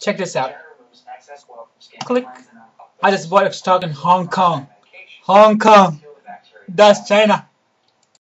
Check this out. Click. Uh, I just bought a stock in Hong Kong. Hong Kong. That's China.